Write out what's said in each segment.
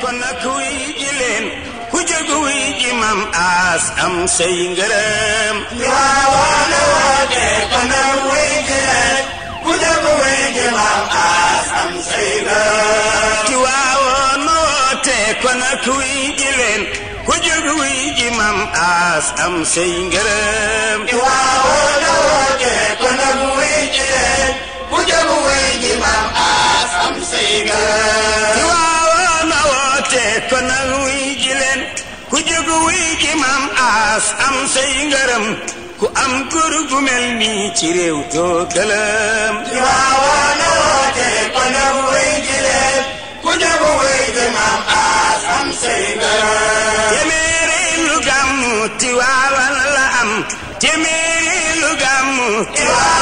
kon nag wuy ji leen ku jóg wuy ji mam aas am say ngërëm ku jóg wuy ji mam aas am say ngërëm ku jóg wuy ji mam aas am say ngërëm aas am say ngërëm ku am kër gu mel nii ci réew doo gëlëm Tiwaawan a woote ko nabu wéy jileeb ku nabu wéy de maam aas am say ngërëm téeméeri lu gàmmu Tiwaawan la am téeméeri lu gàmmu Tiwaawan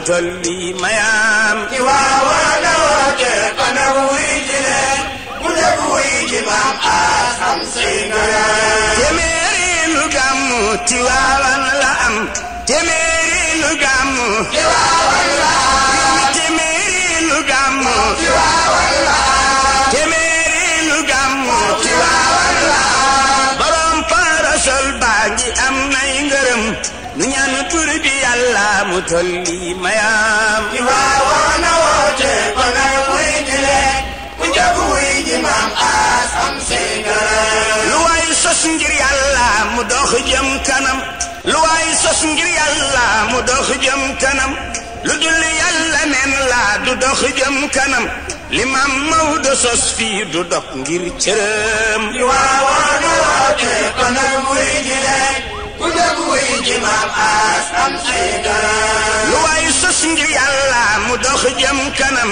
mu mayaam. ci waa waa la waa kër kanam wuy ji leen bu nekk wuy ji maam aas am lu gàmmu ci waawan la am téeméeri lu gàmmu. nu ñaanu tur bi yàlla mu tolli mayaam ci waawoon a woote kon ay muy jile ku njëkk wuy ji maam aas am seyna lu waay sos ngir yàlla mu dox jëm kanam lu waay sos ngir yàlla mu la du dox jëm kanam li maam Maodo sos fii du dox ngir cërëm ci waawoon a woote kon ay muy jile wuy lu waay sos ngir yàlla mu dox jëm kanam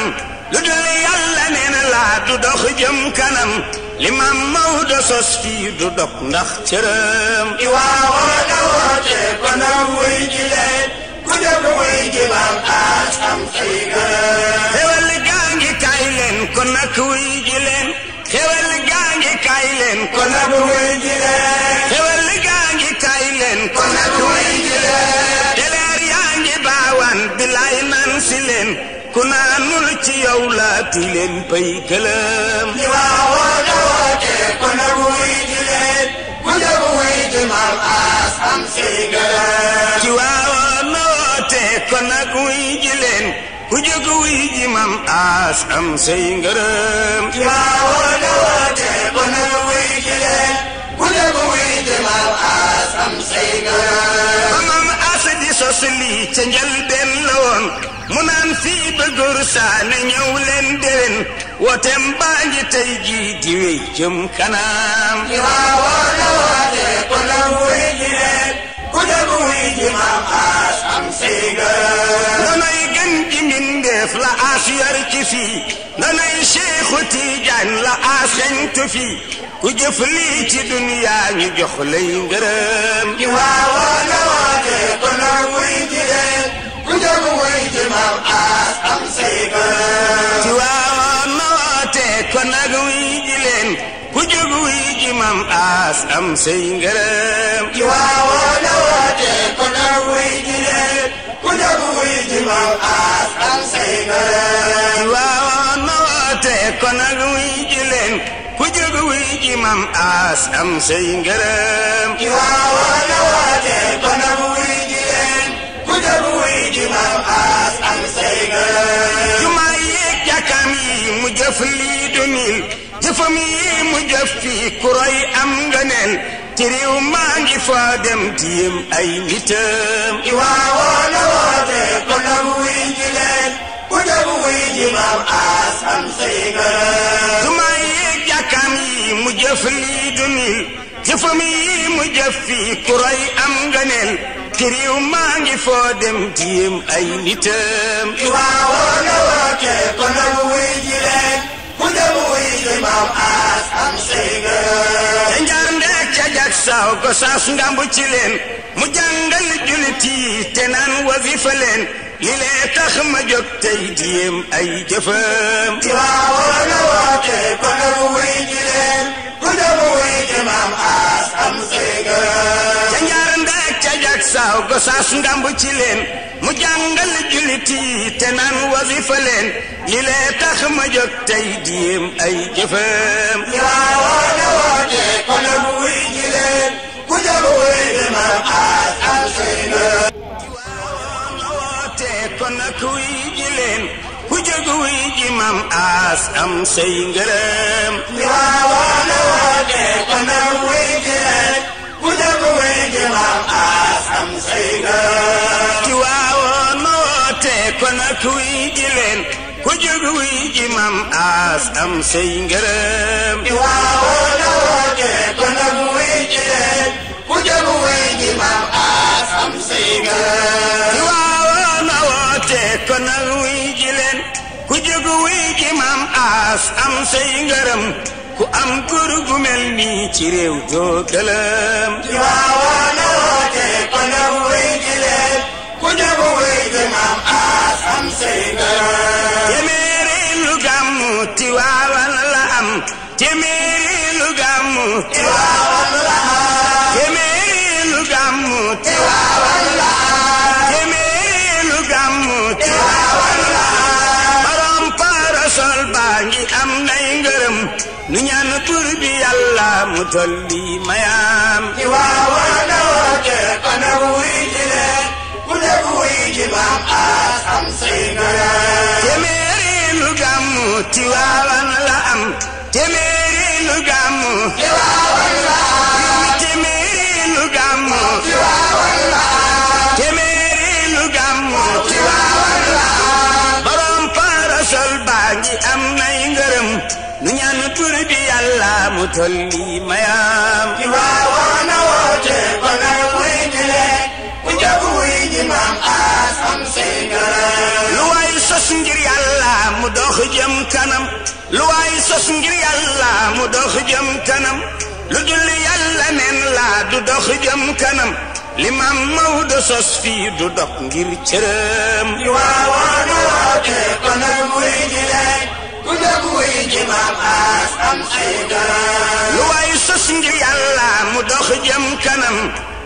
lu dul yàlla nee na laa du dox jëm kanam li maam Maodo sos fii du dog ndax cërëm i waawoo na woote kon am wuy ji leen ku def wuy ji maam aas am ay garam xewal naan si ku naanul ji mam aas am say ngërëm ku nangu ji leen aas am say ngërëm force lii ca njëlbeen mu naan fii bëggor saane ñëw leen déwén baa ngi jii di wéy jëm kanam waawoon la woote ku nangu wuy ji leen ku dëggu wuy ji maam aas am siiga nonoy gën ji mbindeef la aas yor ci fii nonoy Seexu Tijaan la aas xeñtu fii ku jëf lii ci duniyaa ñu jox lay ngërëm waawoon ci waawoon ma woote kon nag wii ji leen ku jóg wii ji mam aas am say ngërëm ci waawoon ma woote kon nag wii ji leen ku jóg wii ji mam aas am say ngërëm ci waawoon ma woote kon nag wii ji leen ku jóg wii ji mam aas am say ngërëm ci waawoon ma woote kon nag wii ji leen ku jóg wii ji mam aas am say ngërëm taflid niin jëfam yi mu jëf kuray am nga neen ci faa dem tiim ay nitam i waawoo la woote ko dam wuy ku dem wuy ji maam aas am say ngërëm du niin jëfam yi mu jëf kuray am nga neen ci réew dem tiim ay nitam i waawoo la woote ko dam ji maam aas am sëy na ca njaam rek ca jag ci mu jàngal julit te naan wazifa li lee tax ma jóg tey diem ay jëfam ci ma woona woote ko damu wuy ji ku damu wuy ji aas am sëy na ca njaam rek saw gosaas ngambu ci leen mu jàngal julit te naan wazifa li lee tax ma jóg tey diim ay jëfam Tiwaawoon woote kon nag wuy ji leen ku ku jóg wuy ji aas am say ngërëm ku am say ngërëm waaw ci réew doo Tiwaawan la am téeméeri lu gàmmu la am téeméeri lu gàmmu la am téeméeri lu gàmmu la am borom parasol baa ngi am nay ngërëm nu ñaan tur bi yàlla mu tolli mayaam Tiwaawan la woote ana wuy ji leen ku ne wuy ji maam aas am say ngërëm lu gàmmu ci waawan la am téeméeri lu gàmmu ci waawan la am téeméeri lu gàmmu ci waawan la am téeméeri lu gàmmu ci waawan la am borom parasol baa ngi am nay ngërëm nu ñaan tur bi yàlla mu tolli mayam dox jëm lu waay sos ngir yàlla mu dox jëm kanam lu julli yàlla neen laa dox jëm kanam limaam Maodo sos fii du dox ngir cërëm waawoon woote konal muy ji leen ku jóg wuy ji maam aas am ay garam lu waay sos ngir yàlla mu dox jëm kanam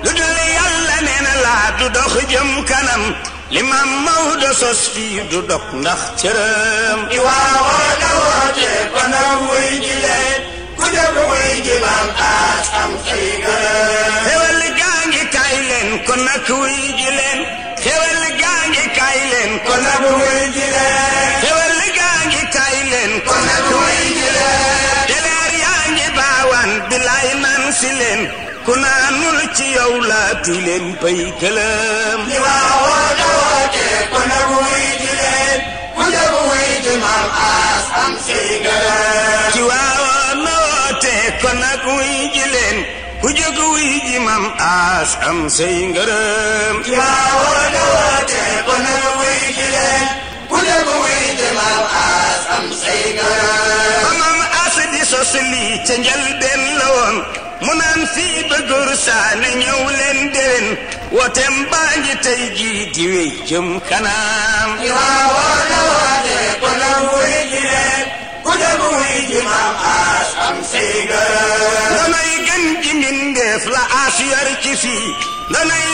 lu julli yàlla neen laa dox jëm kanam limaam Maodo sos fii du dog ndax cërëm i waawoo la woote banam wuy ji leen ku jóg wuy ji maam aas am xëy gërëm xewal gaa ngi kaay leen kon nag wuy leen xewal gaa ngi kaay leen kon nag wuy ji leen xewal gaa ngi ونبوي جلال ونبوي جمال قاس أمسي قلال جواوا نواتي كنك ويجلين كجك ويجي مام قاس أمسي قرام جواوا نواتي كنك ويجلين كجك ويجي مام قاس أمسي قرام أمام أسدي سوسلي تنجل بين لون منان في بقرسان يولي wotem baa ngi tey jii di wéy jëm kanam imaam war na waate ku nangu wuy ji leen ku nangu wuy ji maam aas am siiga danay ji mbindeef la aas yor ci fii danay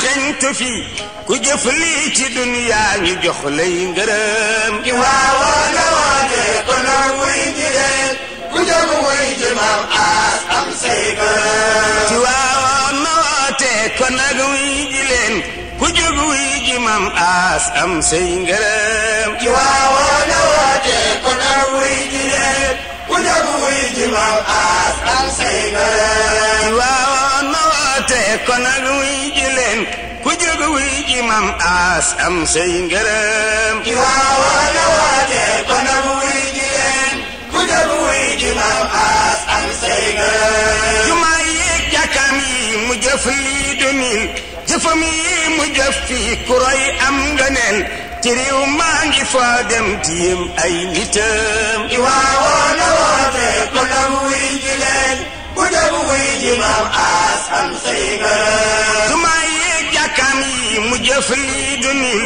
Seexu ku jëf lii ci ji leen aas am siiga am as am na woote kon ku dem wuy ji am say ngërëm ci waawoo na woote du niil jëfam yi mu jëf fii ku roy am nga neen ci réew maa ngi faa dem tiim ay nitam i waawoo na woote ku lam wuy ji leen ku dem wuy ji maam aas am say gërëm jumaa yi jàkkaam yi mu jëf lii du nin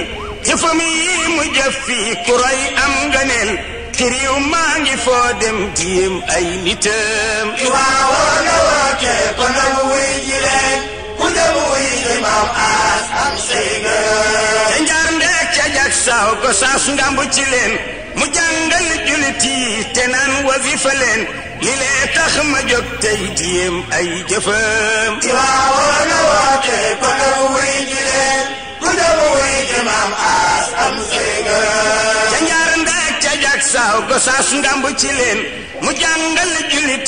jëfam yi mu jëf fii ku roy am nga neen ci réew maa ngi foo dem tiim ay nitam i waawoo na woote ku lam wuy ji leen ku dem maam aas am saw ko ngamb ci leen mu jàngal julit yi te naan wazifa leen li lee tax a woote saw ko ngamb ci leen mu jàngal julit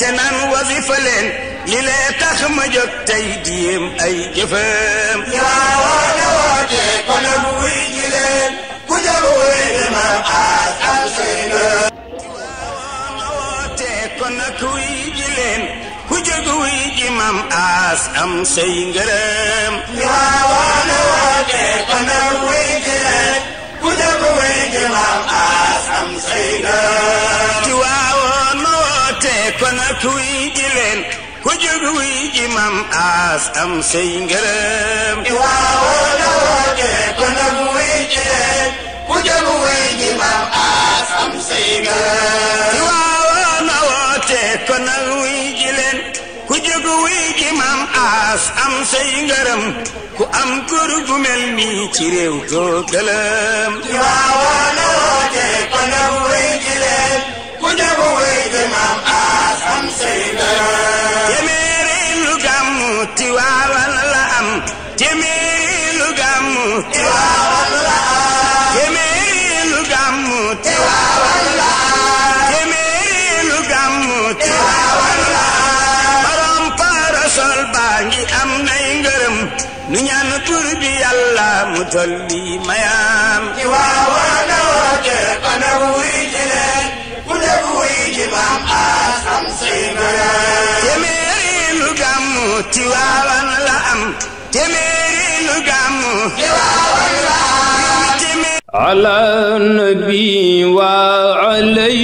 te naan wazifa leen li lee tax ma jóg tey diem ay jëfam ñaawoo na woote kon ak wuy ji leen ku jóg wuy li maam aas al seyna ñaawoo na woote kon ak wuy ji leen ku jóg wuy ji maam aas am say ngërëm ñaawoo na woote kon ak wuy ji leen ku jóg wuy ji maam aas am say ngërëm ñaawoo na woote kon ak wuy ji ngir wuy ji na woote ko nag wuy ji ku jóg wuy ji mam aas am sey ngërëm ku am sey mel nii ci réew doo waawan la am téeméeri lu gàmmu Tiwaawan la am téeméeri lu gàmmu Tiwaawan la am téeméeri lu gàmmu Tiwaawan la am borom parasol baa ngi am nay ngërëm nu ñaan tur bi yàlla mu tolli mayam Tiwaawan la woote gàmmu Tiwaawan la am téeméeri lu gàmmu Tiwaawan la am ala nabi wa alayhi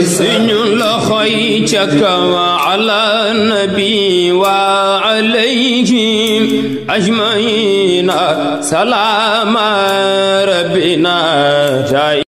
حسين لخيتك وعلى النبي وعليهم أجمعين سلام ربنا